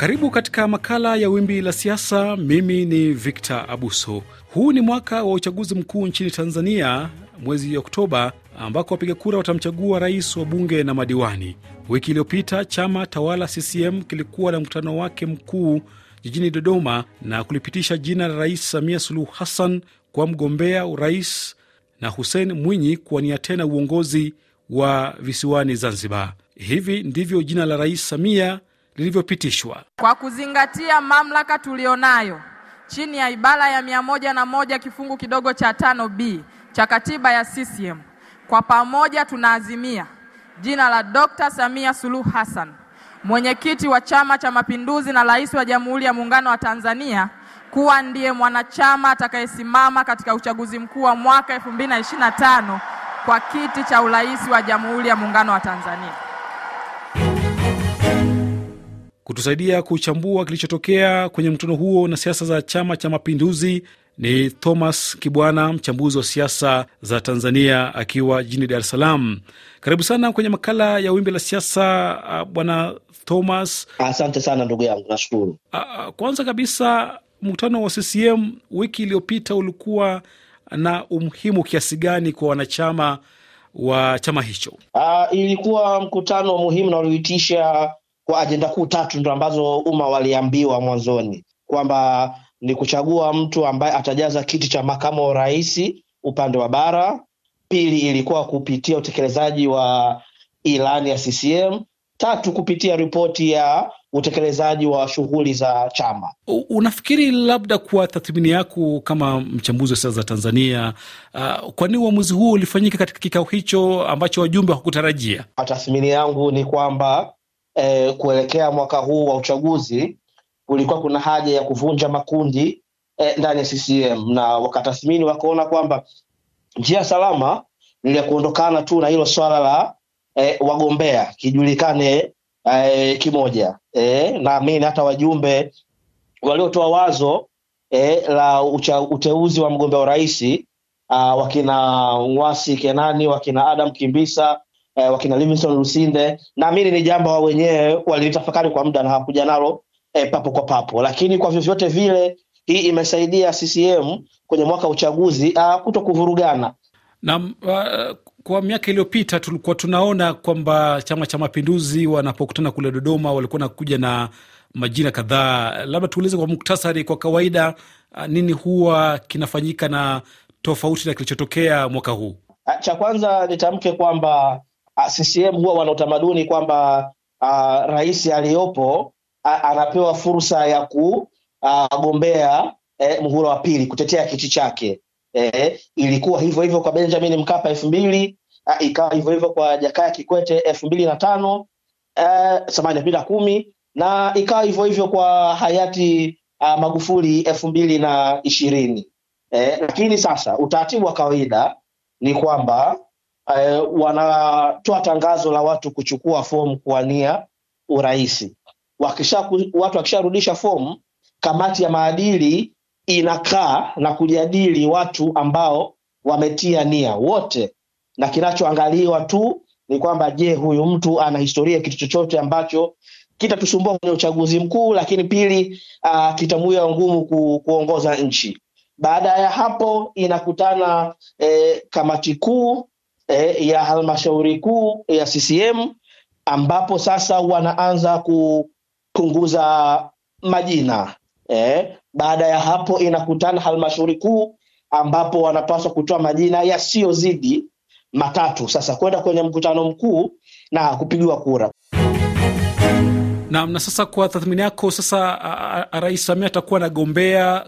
Karibu katika makala ya Wimbi la Siasa. Mimi ni Victor Abuso. Huu ni mwaka wa uchaguzi mkuu nchini Tanzania mwezi Oktoba, ambako wapiga kura watamchagua rais wa bunge na madiwani. Wiki iliyopita chama tawala CCM kilikuwa na mkutano wake mkuu jijini Dodoma na kulipitisha jina la Rais Samia Suluhu Hassan kwa mgombea urais na Hussein Mwinyi kuwania tena uongozi wa visiwani Zanzibar. Hivi ndivyo jina la Rais Samia lilivyopitishwa kwa kuzingatia mamlaka tuliyonayo chini ya ibara ya mia moja na moja kifungu kidogo cha tano b cha katiba ya CCM. Kwa pamoja tunaazimia jina la Dr. Samia Suluhu Hassan, mwenyekiti wa Chama cha Mapinduzi na rais wa Jamhuri ya Muungano wa Tanzania kuwa ndiye mwanachama atakayesimama katika uchaguzi mkuu wa mwaka 2025 kwa kiti cha urais wa Jamhuri ya Muungano wa Tanzania. Kutusaidia kuchambua kilichotokea kwenye mkutano huo na siasa za Chama cha Mapinduzi ni Thomas Kibwana, mchambuzi wa siasa za Tanzania akiwa jijini Dar es Salaam. Karibu sana kwenye makala ya Wimbi la Siasa, Bwana Thomas. Asante sana ndugu yangu, nashukuru. Kwanza kabisa, mkutano wa CCM wiki iliyopita ulikuwa na umuhimu kiasi gani kwa wanachama wa chama hicho? Uh, ilikuwa mkutano muhimu na ulioitisha kwa ajenda kuu tatu ndo ambazo umma waliambiwa mwanzoni kwamba ni kuchagua mtu ambaye atajaza kiti cha makamu wa rais upande wa bara. Pili ilikuwa kupitia utekelezaji wa ilani ya CCM. Tatu kupitia ripoti ya utekelezaji wa shughuli za chama. Unafikiri labda kwa tathmini yako kama mchambuzi wa siasa za Tanzania, uh, kwa nini uamuzi huo ulifanyika katika kikao hicho ambacho wajumbe hawakutarajia? Tathmini yangu ni kwamba eh, kuelekea mwaka huu wa uchaguzi kulikuwa kuna haja ya kuvunja makundi eh, ndani ya CCM na wakatathmini wakaona kwamba njia salama ni ya kuondokana tu na hilo swala la eh, wagombea kijulikane eh, kimoja eh, naamini hata wajumbe waliotoa wazo eh, la ucha, uteuzi wa mgombea urais uh, ah, wakina Ngwasi Kenani wakina Adam Kimbisa eh, wakina Livingstone Lusinde, naamini ni jambo wao wenyewe walilitafakari kwa muda na hawakuja nalo eh, papo kwa papo, lakini kwa vyovyote vile hii imesaidia CCM kwenye mwaka wa uchaguzi ah, kuto kuvurugana na uh, ah, kwa miaka iliyopita tulikuwa tunaona kwamba Chama cha Mapinduzi wanapokutana kule Dodoma walikuwa nakuja na majina kadhaa. Labda tuulize kwa muktasari, kwa kawaida uh, nini huwa kinafanyika na tofauti na kilichotokea mwaka huu? Cha kwanza nitamke kwamba Ah, CCM huwa wana utamaduni kwamba uh, rais aliyopo uh, anapewa fursa ya kugombea uh, eh, muhula wa pili kutetea kiti chake. Eh, ilikuwa hivyo hivyo kwa Benjamin Mkapa elfu mbili uh, ikawa hivyo hivyo kwa Jakaya Kikwete elfu mbili na tano eh, samani elfu mbili na kumi na ikawa hivyo hivyo kwa hayati uh, Magufuli elfu mbili na ishirini eh, lakini sasa utaratibu wa kawaida ni kwamba Eh, wanatoa tangazo la watu kuchukua fomu kuwania urais. Wakisha, watu wakisharudisha fomu, kamati ya maadili inakaa na kujadili watu ambao wametia nia wote, na kinachoangaliwa tu ni kwamba je, huyu mtu ana historia kitu chochote ambacho kitatusumbua kwenye uchaguzi mkuu, lakini pili, uh, ah, kitamuia ngumu ku, kuongoza nchi. Baada ya hapo inakutana eh, kamati kuu eh, ya halmashauri kuu ya CCM ambapo sasa wanaanza kupunguza majina eh. Baada ya hapo inakutana halmashauri kuu ambapo wanapaswa kutoa majina yasiyozidi matatu sasa kwenda kwenye mkutano mkuu na kupigiwa kura. Naam. Na sasa kwa tathmini yako sasa, Rais Samia atakuwa anagombea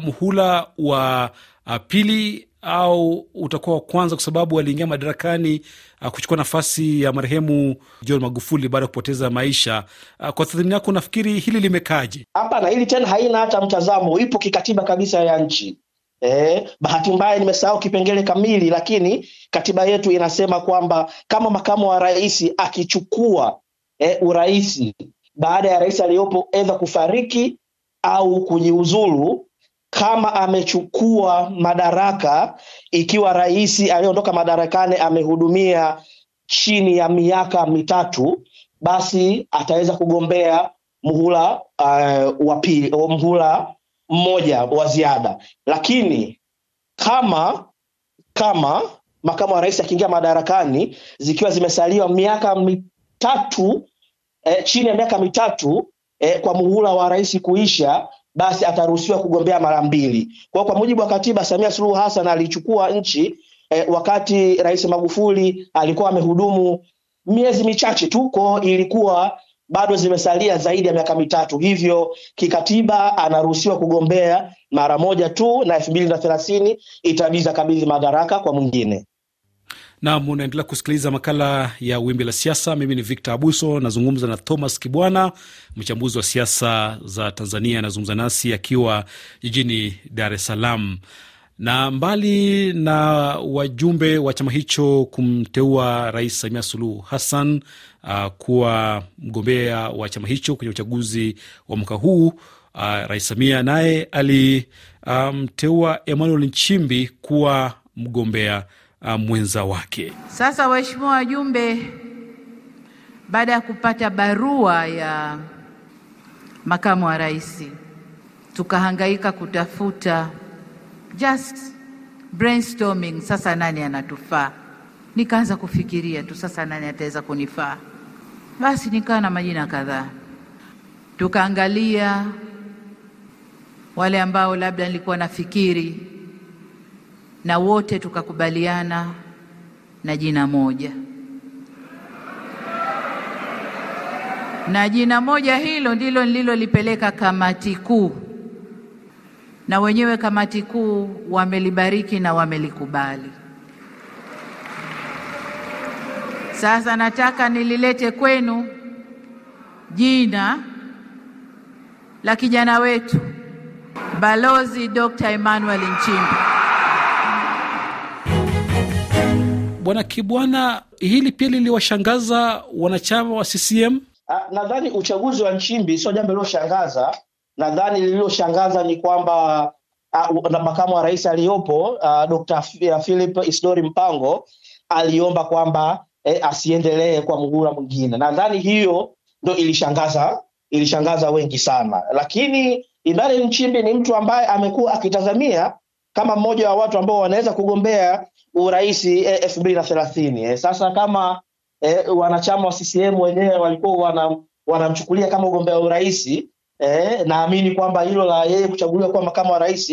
muhula wa a, pili au utakuwa wa kwanza kwa sababu aliingia madarakani uh, kuchukua nafasi ya marehemu John Magufuli baada ya kupoteza maisha uh, kwa tathmini yako unafikiri hili limekaaje? Hapana, hili tena haina hata mtazamo, ipo kikatiba kabisa ya nchi. Eh, bahati mbaya nimesahau kipengele kamili, lakini katiba yetu inasema kwamba kama makamu wa rais akichukua eh, uraisi baada ya rais aliyopo edha kufariki au kujiuzulu kama amechukua madaraka ikiwa rais aliyeondoka madarakani amehudumia chini ya miaka mitatu, basi ataweza kugombea muhula uh, wa pili, uh, muhula mmoja wa ziada. Lakini kama kama makamu wa rais akiingia madarakani zikiwa zimesaliwa miaka mitatu eh, chini ya miaka mitatu eh, kwa muhula wa rais kuisha basi ataruhusiwa kugombea mara mbili. Kwa kwa mujibu wa katiba, Samia Suluhu Hassan alichukua nchi eh, wakati Rais Magufuli alikuwa amehudumu miezi michache tu, kwa ilikuwa bado zimesalia zaidi ya miaka mitatu, hivyo kikatiba anaruhusiwa kugombea mara moja tu, na elfu mbili na thelathini itabidi akabidhi madaraka kwa mwingine. Nam, unaendelea kusikiliza makala ya Wimbi la Siasa. Mimi ni Victor Abuso, nazungumza na Thomas Kibwana, mchambuzi wa siasa za Tanzania, anazungumza nasi akiwa jijini Dar es Salaam. Na mbali na wajumbe wa chama hicho kumteua Rais Samia Suluhu Hassan uh, kuwa mgombea wa chama hicho kwenye uchaguzi wa mwaka huu Uh, Rais Samia naye alimteua um, Emmanuel Nchimbi kuwa mgombea Uh, mwenza wake. Sasa waheshimiwa wajumbe, baada ya kupata barua ya makamu wa rais, tukahangaika kutafuta just brainstorming, sasa nani anatufaa? Nikaanza kufikiria tu, sasa nani ataweza kunifaa? Basi nikawa na majina kadhaa, tukaangalia wale ambao labda nilikuwa nafikiri na wote tukakubaliana na jina moja, na jina moja hilo ndilo nililolipeleka kamati kuu, na wenyewe kamati kuu wamelibariki na wamelikubali. Sasa nataka nililete kwenu jina la kijana wetu Balozi Dr. Emmanuel Nchimbi. Bwana Kibwana, hili pia liliwashangaza wanachama wa CCM. Ah, nadhani uchaguzi wa Nchimbi sio jambo lililoshangaza. Nadhani lililoshangaza ni kwamba uh, makamu wa rais aliyopo uh, ah, Dr. Philip Isdori Mpango aliomba kwamba eh, asiendelee kwa mgura mwingine. Nadhani hiyo ndo ilishangaza ilishangaza wengi sana, lakini Idara Nchimbi ni mtu ambaye amekuwa akitazamia kama mmoja wa watu ambao wanaweza kugombea urais eh, elfu mbili na thelathini. Eh, sasa kama eh, wanachama wa CCM wenyewe walikuwa wana, wanamchukulia kama ugombea urais eh, naamini kwamba hilo la yeye kuchaguliwa kuwa makamu wa rais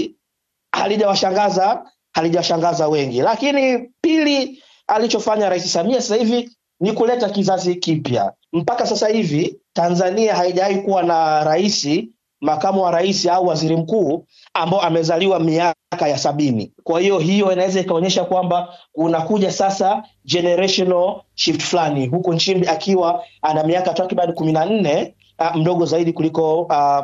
halijawashangaza halijawashangaza wengi. Lakini pili, alichofanya Rais Samia sasa hivi ni kuleta kizazi kipya. Mpaka sasa hivi Tanzania haijawahi kuwa na rais makamu wa rais au waziri mkuu ambao amezaliwa miaka ya sabini. Kwa hiyo hiyo inaweza ikaonyesha kwamba unakuja sasa generational shift fulani. Huku Nchimbi akiwa ana miaka takriban kumi na nne ah, mdogo zaidi kuliko uh,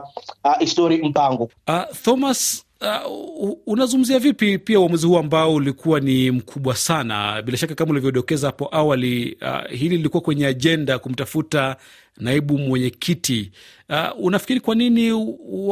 uh, histori Mpango. Uh, Thomas Uh, unazungumzia vipi pia uamuzi huu ambao ulikuwa ni mkubwa sana? Bila shaka kama ulivyodokeza hapo awali, uh, hili lilikuwa kwenye ajenda kumtafuta naibu mwenyekiti. Uh, unafikiri kwa nini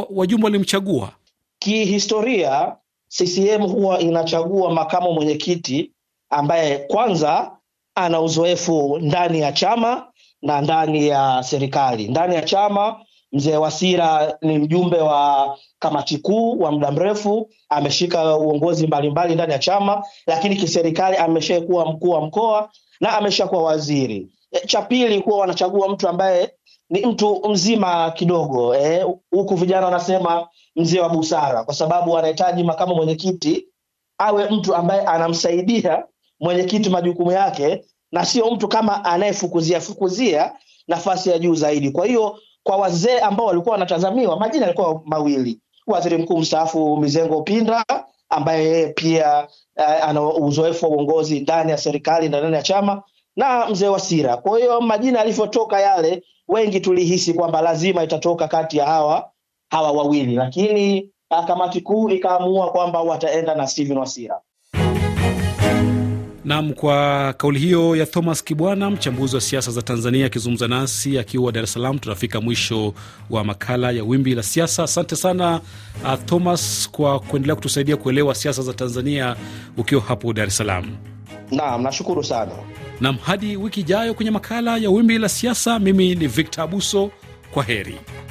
wajumbe walimchagua? Kihistoria, CCM huwa inachagua makamu mwenyekiti ambaye kwanza ana uzoefu ndani ya chama na ndani ya serikali. Ndani ya chama Mzee Wasira ni mjumbe wa kamati kuu wa muda mrefu, ameshika uongozi mbalimbali ndani ya chama, lakini kiserikali ameshakuwa mkuu wa mkoa na ameshakuwa waziri. E, cha pili, huwa wanachagua mtu ambaye ni mtu mzima kidogo, e, huku eh, vijana wanasema mzee wa busara, kwa sababu wanahitaji makamu mwenyekiti awe mtu ambaye anamsaidia mwenyekiti majukumu yake na sio mtu kama anayefukuzia fukuzia nafasi ya juu zaidi. Kwa hiyo kwa wazee ambao walikuwa wanatazamiwa, majina yalikuwa mawili: waziri mkuu mstaafu Mizengo Pinda ambaye pia uh, ana uzoefu wa uongozi ndani ya serikali na ndani ya chama na mzee Wasira. Kwa hiyo majina yalivyotoka yale, wengi tulihisi kwamba lazima itatoka kati ya hawa hawa wawili, lakini ah, kamati kuu ikaamua kwamba wataenda na stehen Wasira. Nam, kwa kauli hiyo ya Thomas Kibwana, mchambuzi wa siasa za Tanzania, akizungumza nasi akiwa Dar es Salaam. Tunafika mwisho wa makala ya Wimbi la Siasa. Asante sana uh, Thomas, kwa kuendelea kutusaidia kuelewa siasa za Tanzania ukiwa hapo Dar es Salaam. Nam, nashukuru sana. Nam, hadi wiki ijayo kwenye makala ya Wimbi la Siasa. Mimi ni Victor Abuso, kwa heri.